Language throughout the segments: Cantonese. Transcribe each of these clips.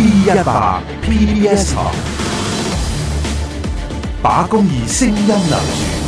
P 一百 PBS 台，把公義聲音留住。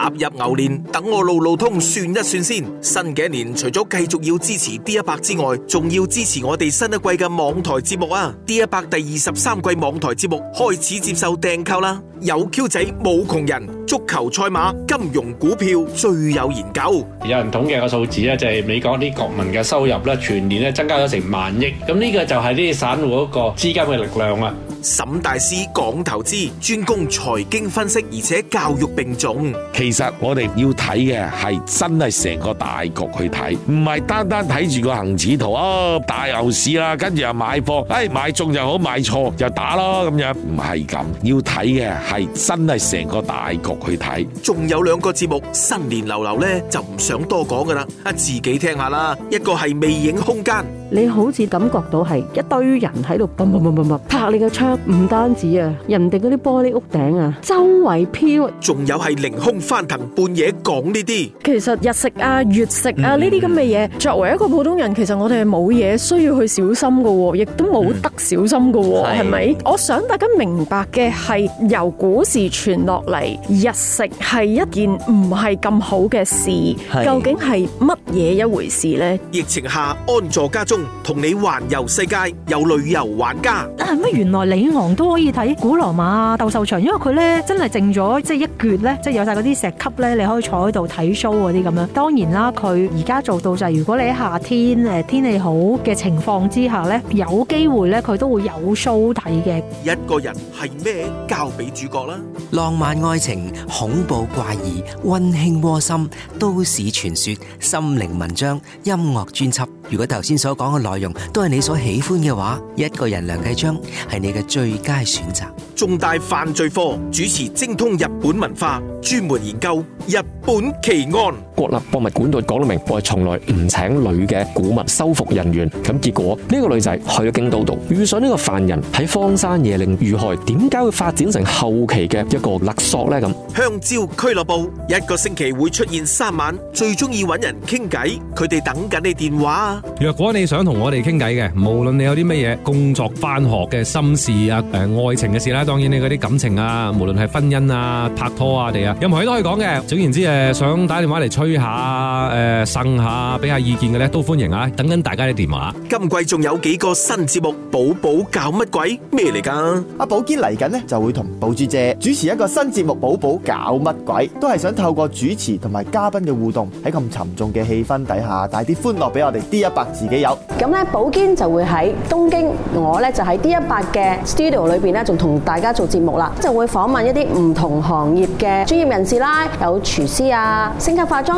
踏入牛年，等我路路通算一算先。新嘅一年，除咗繼續要支持 D 一百之外，仲要支持我哋新一季嘅網台節目啊！D 一百第二十三季網台節目開始接受訂購啦！有 Q 仔，冇窮人。足球、賽馬、金融、股票，最有研究。有人統計個數字咧，就係美國啲國民嘅收入咧，全年咧增加咗成萬億。咁呢個就係呢啲散戶嗰個資金嘅力量啊！沈大師講投資，專攻財經分析，而且教育並重。其實我哋要睇嘅係真係成個大局去睇，唔係單單睇住個恒指圖哦，大牛市啦，跟住又買貨，哎，買中就好，買錯就打咯咁樣，唔係咁。要睇嘅係真係成個大局去睇。仲有兩個節目，新年流流呢，就唔想多講噶啦，自己聽一下啦。一個係魅影空間。你好似感覺到係一堆人喺度砰砰砰砰砰拍你個窗，唔單止啊，人哋嗰啲玻璃屋頂啊，周圍飄，仲有係凌空翻騰，半夜講呢啲。其實日食啊、月食啊呢啲咁嘅嘢，作為一個普通人，其實我哋係冇嘢需要去小心㗎，亦都冇得小心㗎，係、嗯、咪？我想大家明白嘅係由古時傳落嚟日食係一件唔係咁好嘅事，究竟係乜嘢一回事呢？疫情下安坐家中。同你環遊世界，有旅遊玩家乜？原來李昂都可以睇古羅馬啊，鬥獸場，因為佢咧真係剩咗，即係一橛咧，即係有晒嗰啲石級咧，你可以坐喺度睇 show 嗰啲咁樣。當然啦，佢而家做到就係，如果你喺夏天誒天氣好嘅情況之下咧，有機會咧佢都會有 show 睇嘅。一個人係咩？交俾主角啦。浪漫愛情、恐怖怪異、溫馨窩心、都市傳說、心靈文章、音樂專輯。如果頭先所講，嘅內容都係你所喜歡嘅話，一個人梁繼昌係你嘅最佳選擇。重大犯罪科主持，精通日本文化，專門研究日本奇案。國立博物館度講到明，我係從來唔請女嘅古物修復人員。咁結果呢個女仔去咗京都度，遇上呢個犯人喺荒山野嶺遇害，點解會發展成後期嘅一個勒索呢？咁香蕉俱樂部一個星期會出現三晚，最中意揾人傾偈，佢哋等緊你電話啊！若果你想同我哋傾偈嘅，無論你有啲乜嘢工作、翻學嘅心事啊，誒，愛情嘅事啦，當然你嗰啲感情啊，無論係婚姻啊、拍拖啊哋啊，任何都可以講嘅。總言之，誒，想打電話嚟催。追下誒，生下俾下意見嘅咧，都歡迎啊！等緊大家嘅電話。今季仲有幾個新節目，寶寶搞乜鬼咩嚟噶？阿寶堅嚟緊咧，就會同寶珠姐主持一個新節目《寶寶搞乜鬼》，都係想透過主持同埋嘉賓嘅互動，喺咁沉重嘅氣氛底下，帶啲歡樂俾我哋 D 一百自己有。咁咧，寶堅就會喺東京，我咧就喺 D 一百嘅 studio 裏邊咧，仲同大家做節目啦，就會訪問一啲唔同行業嘅專業人士啦，有廚師啊，星級化妝。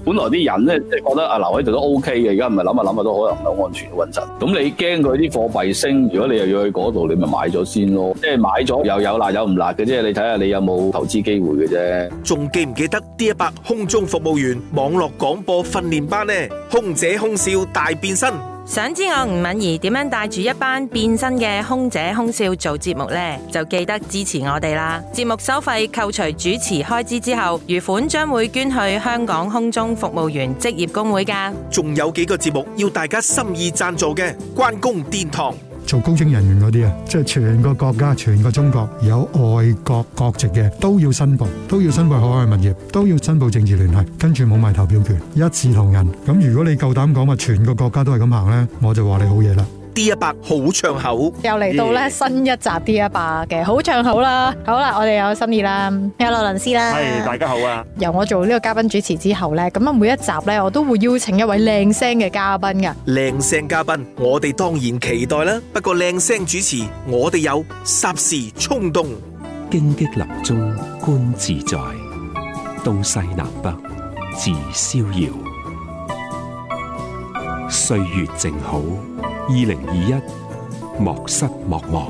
本來啲人咧，即係覺得啊留喺度都 OK 嘅，而家唔係諗下諗下都可能唔係好安全穩陣。咁你驚佢啲貨幣升，如果你又要去嗰度，你咪買咗先咯。即係買咗又有辣有唔辣嘅啫，你睇下你有冇投資機會嘅啫。仲記唔記得 D100 空中服務員網絡廣播訓練班呢？空姐空少大變身。想知我吳敏儀點樣帶住一班變身嘅空姐空少做節目呢？就記得支持我哋啦！節目收費扣除主持開支之後，餘款將會捐去香港空中服務員職業工會噶。仲有幾個節目要大家心意贊助嘅，關公殿堂。做高精人員嗰啲啊，即係全個國家、全個中國有外國國籍嘅都要申報，都要申報海外物業，都要申報政治聯繫，跟住冇埋投票權，一視同仁。咁如果你夠膽講話全個國家都係咁行呢，我就話你好嘢啦。D 一百好唱口，又嚟到咧、yeah. 新一集 D 一百嘅好唱口啦！好啦，我哋有新意啦，有羅倫斯啦，係、hey, 大家好啊！由我做呢個嘉賓主持之後咧，咁啊每一集咧，我都會邀請一位靚聲嘅嘉賓噶。靚聲嘉賓，我哋當然期待啦。不過靚聲主持，我哋有霎時衝動，荊棘林中觀自在，東西南北自逍遙，歲月正好。二零二一，莫失莫忘。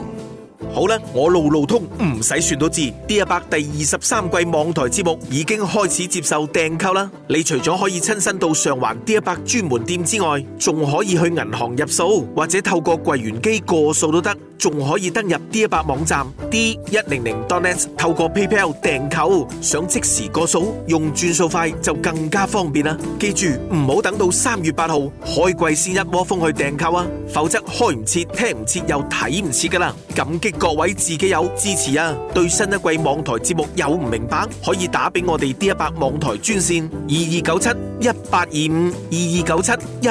好啦，我路路通，唔、嗯、使算到字。D 一百第二十三季網台節目已經開始接受訂購啦。你除咗可以親身到上環 D 一百專門店之外，仲可以去銀行入數，或者透過櫃員機過數都得。仲可以登入 D 一百網站 d 一零零 .net，透過 PayPal 訂購，想即時過數，用轉數快就更加方便啦。記住唔好等到三月八號開季先一窩蜂去訂購啊，否則開唔切，聽唔切，又睇唔切噶啦。感激各位自己有支持啊！對新一季網台節目有唔明白，可以打俾我哋 D 一百網台專線二二九七一八二五二二九七一。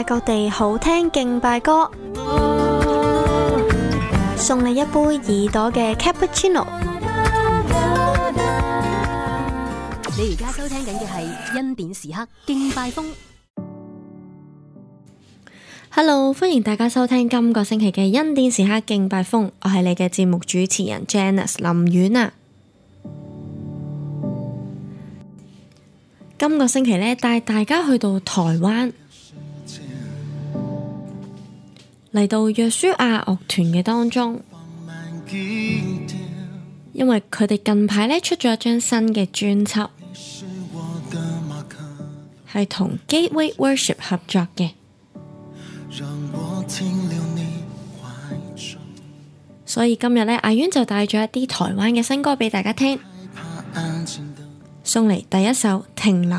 世界各地好聽敬拜歌，送你一杯耳朵嘅 cappuccino。你而家收聽緊嘅係恩典時刻敬拜風。Hello，歡迎大家收聽今個星期嘅恩典時刻敬拜風。我係你嘅節目主持人 Janice 林婉啊。今個星期呢，帶大家去到台灣。嚟到約書亞樂團嘅當中，因為佢哋近排呢，出咗一張新嘅專輯，係同 Gateway Worship 合作嘅。所以今日呢，阿、啊、淵就帶咗一啲台灣嘅新歌畀大家聽，送嚟第一首《停留》。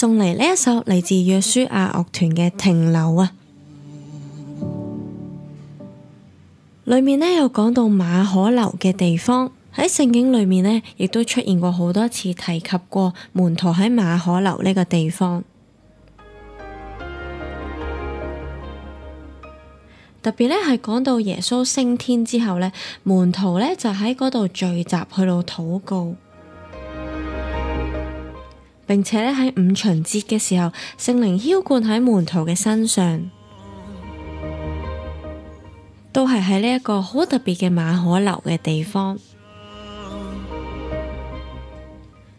送嚟呢一首嚟自約書亞樂團嘅《停留》啊，裏面呢有講到馬可樓嘅地方喺聖經裏面呢，亦都出現過好多次，提及過門徒喺馬可樓呢個地方，特別呢係講到耶穌升天之後呢，門徒呢就喺嗰度聚集去到禱告。並且喺五旬節嘅時候，聖靈澆灌喺門徒嘅身上，都係喺呢一個好特別嘅馬可樓嘅地方。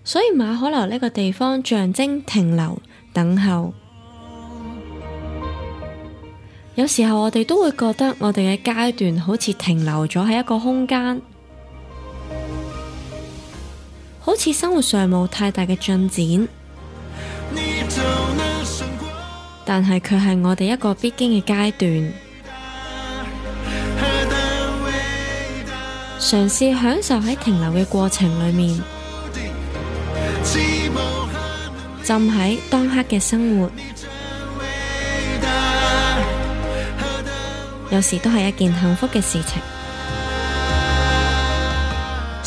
所以馬可樓呢個地方象徵停留、等候。有時候我哋都會覺得我哋嘅階段好似停留咗喺一個空間。好似生活上冇太大嘅進展，但係佢係我哋一個必經嘅階段。嘗試享受喺停留嘅過程裏面，浸喺當刻嘅生活，有時都係一件幸福嘅事情。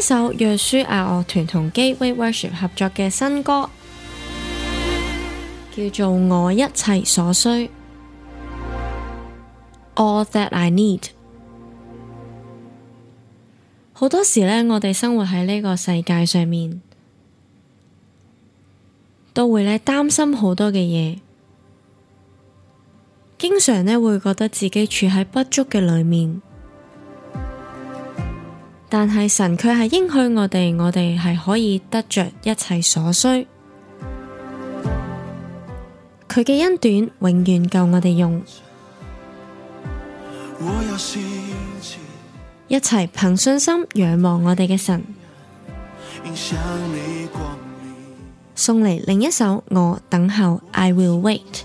呢首約書亞樂團同《Gate Worship》合作嘅新歌，叫做《我一切所需》（All That I Need）。好多時呢，我哋生活喺呢個世界上面，都會咧擔心好多嘅嘢，經常會會覺得自己處喺不足嘅裏面。但係神佢係應許我哋，我哋係可以得着一切所需，佢嘅恩典永遠夠我哋用。一齊憑信心仰望我哋嘅神。送嚟另一首，我等候，I will wait。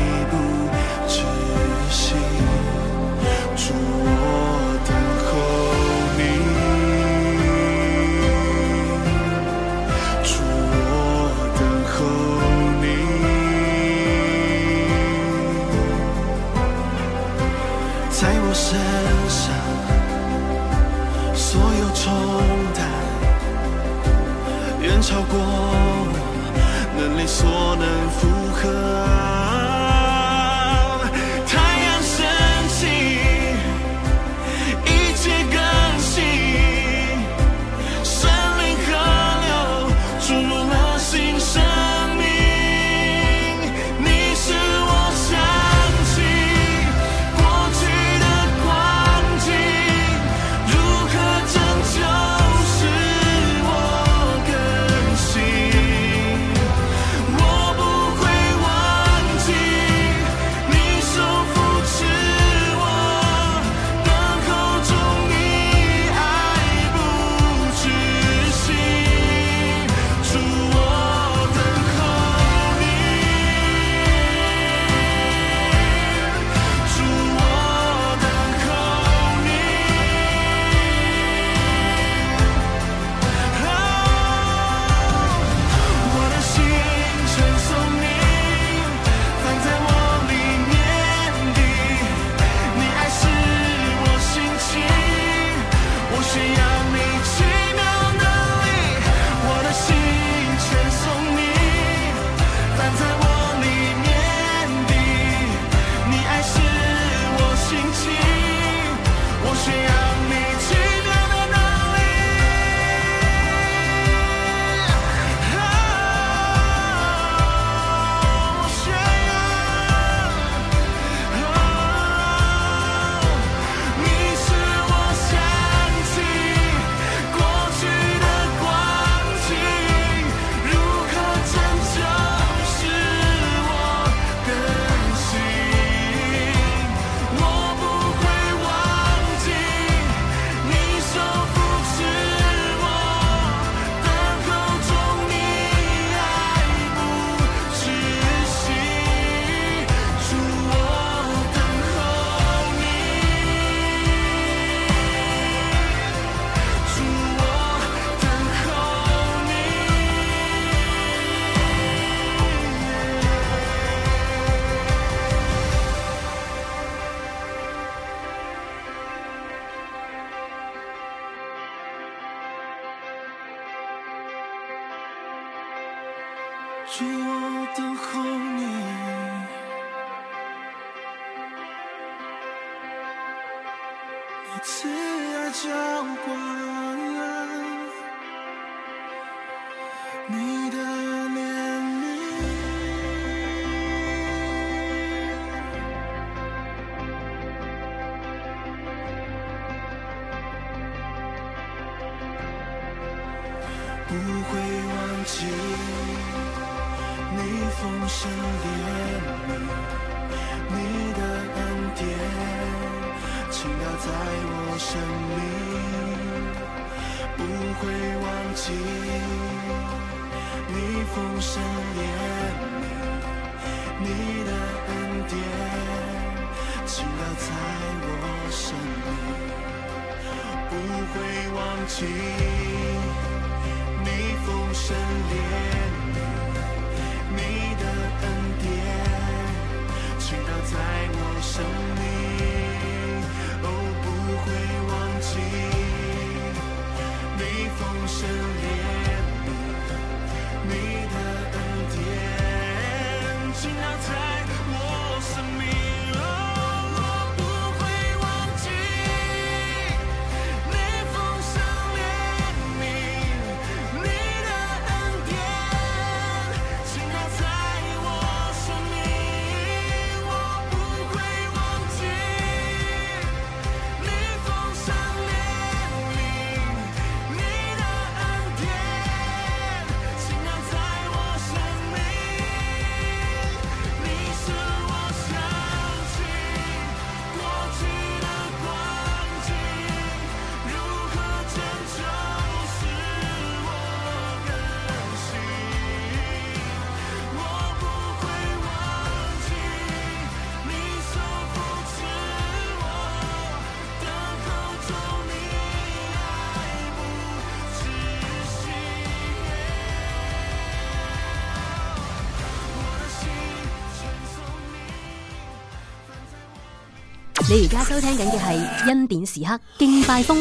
你而家收聽緊嘅係《恩典時刻敬拜風》。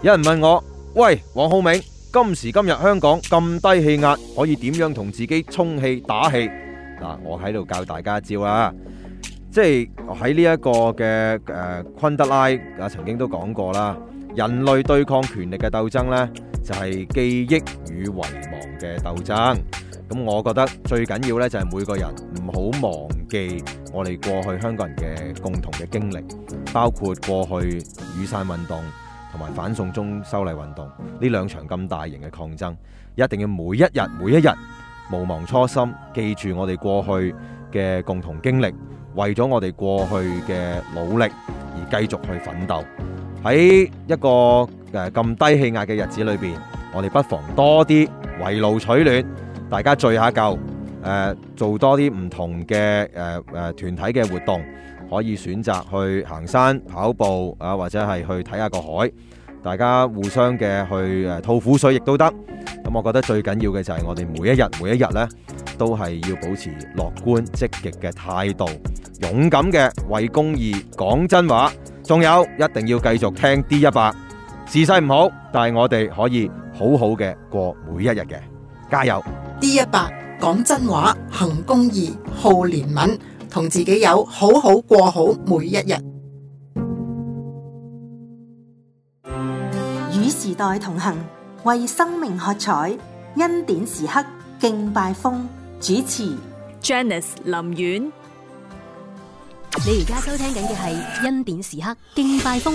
有人問我，喂，黃浩銘，今時今日香港咁低氣壓，可以點樣同自己充氣打氣？嗱，我喺度教大家照啊。」即係喺呢一個嘅誒、呃，昆德拉啊，曾經都講過啦，人類對抗權力嘅鬥爭呢，就係、是、記憶與遺忘嘅鬥爭。咁，我覺得最緊要呢，就係每個人唔好忘記我哋過去香港人嘅共同嘅經歷，包括過去雨傘運動同埋反送中修例運動呢兩場咁大型嘅抗爭。一定要每一日每一日無忘初心，記住我哋過去嘅共同經歷，為咗我哋過去嘅努力而繼續去奮鬥。喺一個誒咁低氣壓嘅日子裏邊，我哋不妨多啲圍爐取暖。大家聚下舊，誒做多啲唔同嘅誒誒團體嘅活動，可以選擇去行山、跑步啊，或者係去睇下個海。大家互相嘅去誒吐苦水，亦都得。咁，我覺得最緊要嘅就係我哋每一日每一日呢，都係要保持樂觀積極嘅態度，勇敢嘅為公義講真話，仲有一定要繼續聽 D100。時勢唔好，但係我哋可以好好嘅過每一日嘅，加油！D 一百，講真話，行公義，好憐憫，同自己有好好過好每一日，與時代同行，為生命喝彩。恩典時刻敬拜風，主持 Janice 林苑。你而家收聽緊嘅係恩典時刻敬拜風。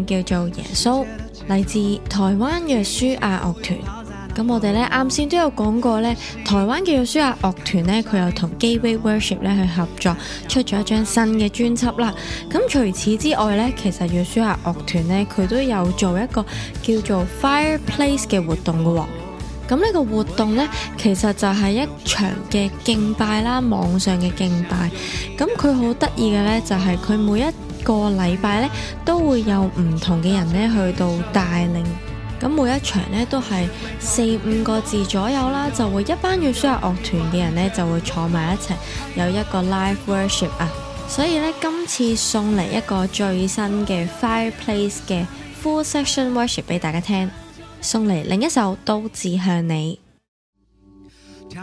名叫做耶穌，嚟自台灣嘅約書亞樂團。咁我哋咧啱先都有講過咧，台灣嘅約書亞樂團咧，佢又同 Gateway Worship 咧去合作出咗一張新嘅專輯啦。咁除此之外咧，其實約書亞樂團咧，佢都有做一個叫做 Fireplace 嘅活動噶。咁呢個活動咧，其實就係一場嘅敬拜啦，網上嘅敬拜。咁佢好得意嘅咧，就係、是、佢每一一個禮拜咧都會有唔同嘅人咧去到帶領，咁每一場咧都係四五個字左右啦，就會一班要需要樂團嘅人咧就會坐埋一齊有一個 live worship 啊，所以咧今次送嚟一個最新嘅 fireplace 嘅 full section worship 俾大家聽，送嚟另一首都指向你。跳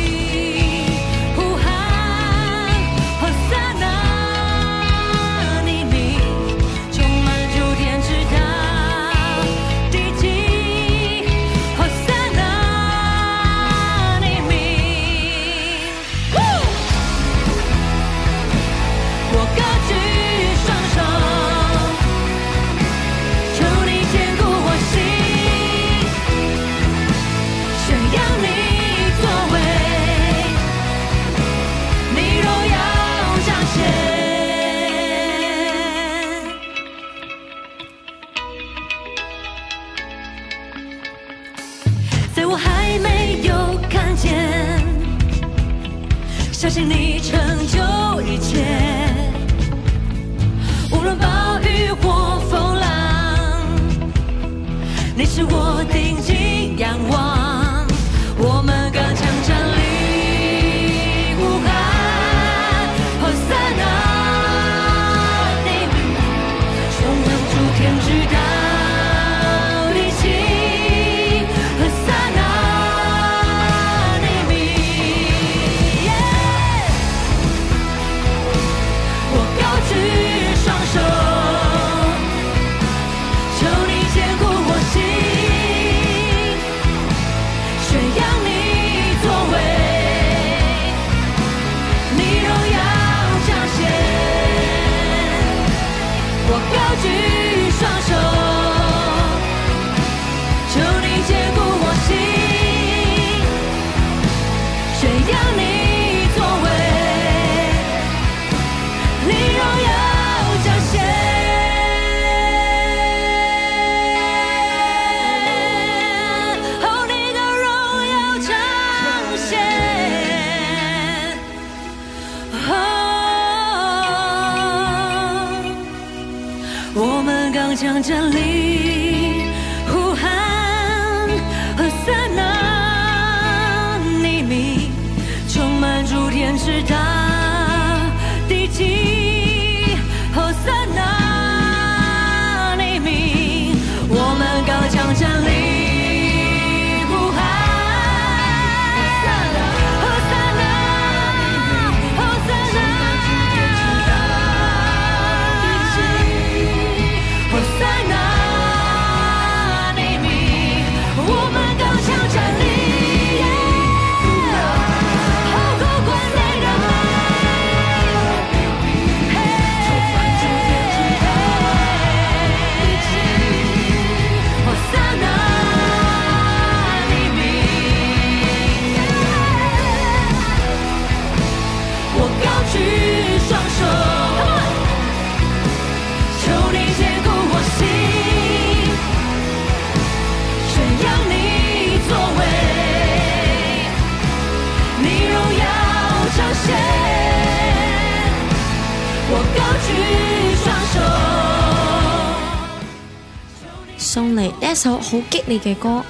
好激烈嘅歌，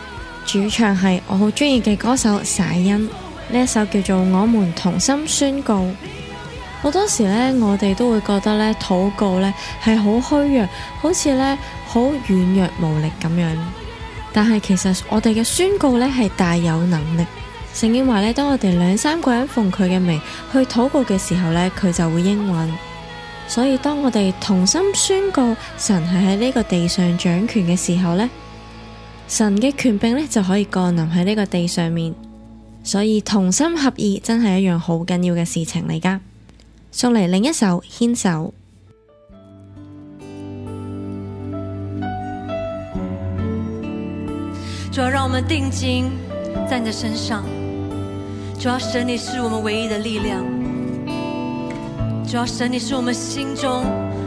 主唱係我好中意嘅歌手冼恩。呢一首叫做《我們同心宣告》。好多時呢，我哋都會覺得呢，禱告呢係好虛弱，好似呢好軟弱無力咁樣。但係其實我哋嘅宣告呢係大有能力。聖經話呢，當我哋兩三個人奉佢嘅名去禱告嘅時候呢，佢就會應允。所以當我哋同心宣告神係喺呢個地上掌權嘅時候呢，神嘅權柄咧就可以降臨喺呢個地上面，所以同心合意真係一樣好緊要嘅事情嚟㗎。送嚟另一首牽手。主要讓我們定睛在你的身上，主要神你是我們唯一的力量，主要神你是我們心中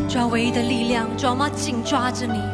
主要唯一的力量，主要我緊抓着你。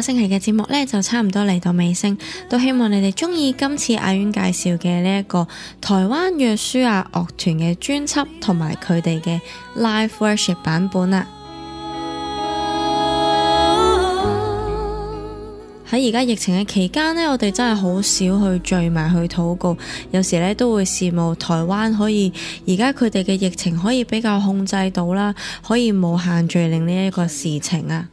星期嘅節目呢，就差唔多嚟到尾聲，都希望你哋中意今次阿遠介紹嘅呢一個台灣約書亞樂團嘅專輯，同埋佢哋嘅 Live Worship 版本啦。喺而家疫情嘅期間呢，我哋真係好少去聚埋去禱告，有時呢都會羨慕台灣可以而家佢哋嘅疫情可以比較控制到啦，可以無限聚令呢一個事情啊。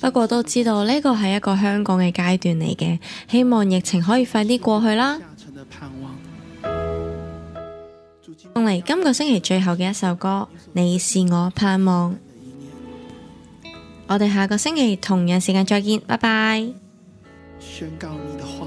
不過都知道呢個係一個香港嘅階段嚟嘅，希望疫情可以快啲過去啦。用嚟今個星期最後嘅一首歌，你是我盼望。我哋下個星期同樣時間再見，拜拜。宣告你的話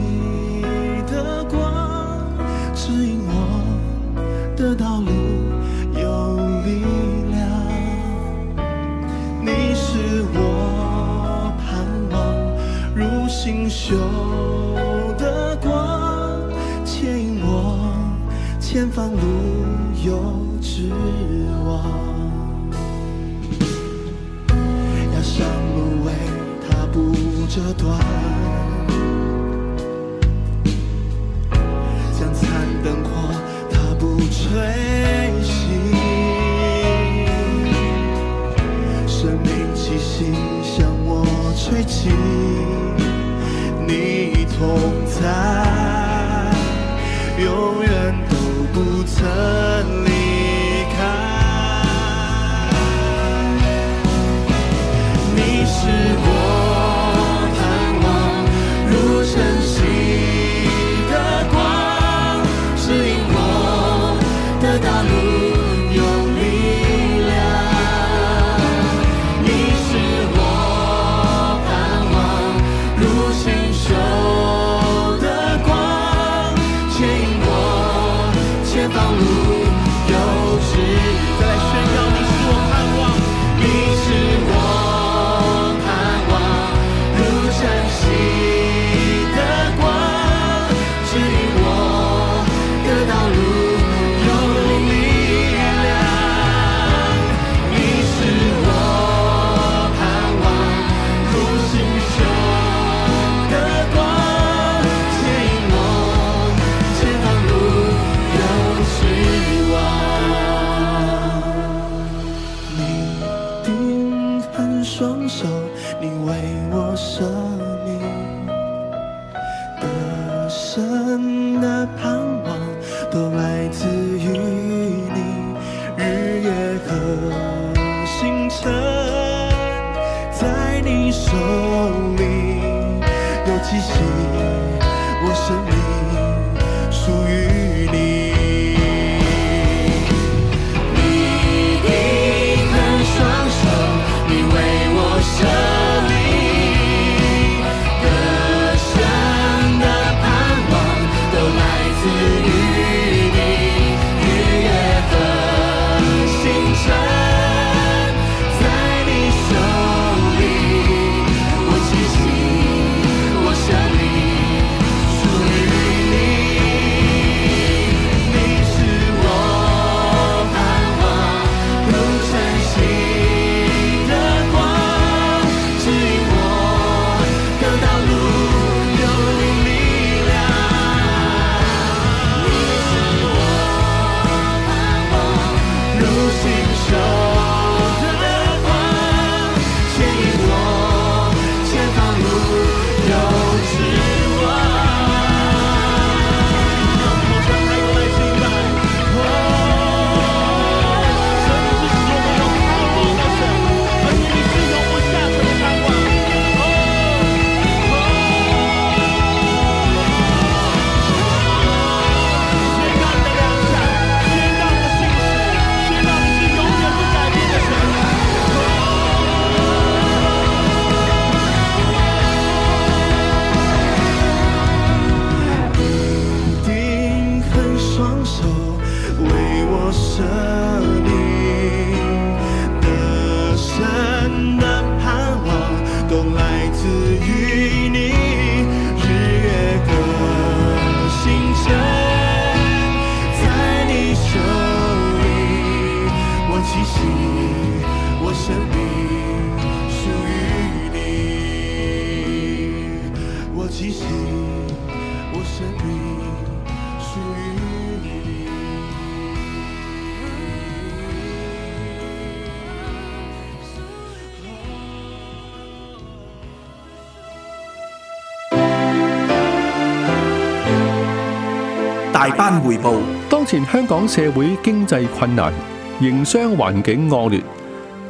前香港社會經濟困難，營商環境惡劣，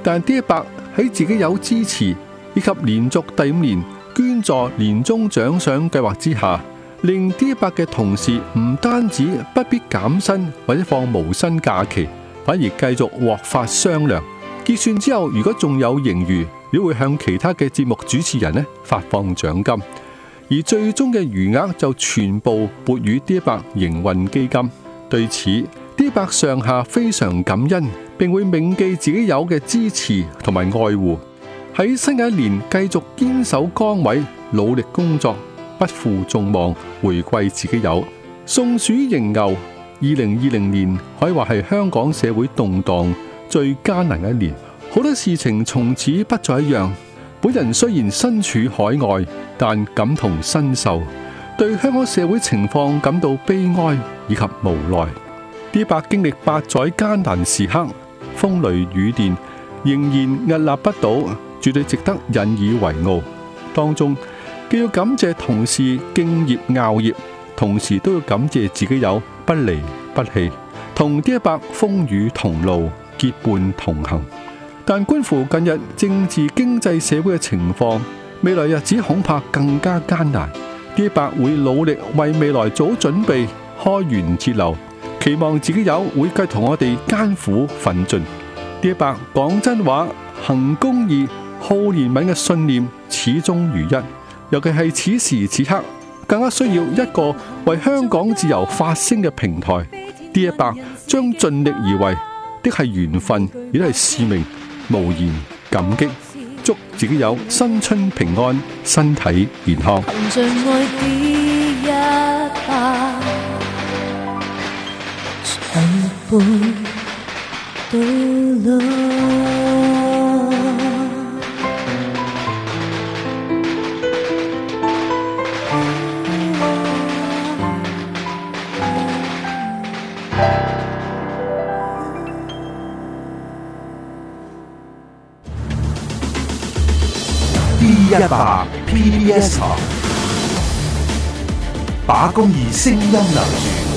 但 D 一百喺自己有支持以及連續第五年捐助年終獎賞計劃之下，令 D 一百嘅同事唔單止不必減薪或者放無薪假期，反而繼續獲發雙糧結算之後，如果仲有盈餘，亦會向其他嘅節目主持人呢發放獎金，而最終嘅餘額就全部撥予 D 一百營運基金。對此，D100 上下非常感恩，並會銘記自己友嘅支持同埋愛護。喺新嘅一年，繼續堅守崗位，努力工作，不負眾望，回饋自己友。送鼠迎牛，二零二零年可以話係香港社會動盪最艱難嘅一年，好多事情從此不再一樣。本人雖然身處海外，但感同身受。對香港社會情況感到悲哀以及無奈，爹伯經歷八載艱難時刻，風雷雨電，仍然屹立不倒，絕對值得引以為傲。當中既要感謝同事敬業樂業，同時都要感謝自己有不離不棄，同爹伯風雨同路，結伴同行。但觀乎近日政治經濟社會嘅情況，未來日子恐怕更加艱難。D100 會努力為未來做準備，開源節流，期望自己友會繼續同我哋艱苦奮進。D100 講真話，行公義，好憐憫嘅信念始終如一，尤其係此時此刻，更加需要一個為香港自由發聲嘅平台。D100 將盡力而為，的係緣分，亦都係使命，無言感激。祝自己有新春平安，身體健康。一百 PBS 台，把公益聲音留住。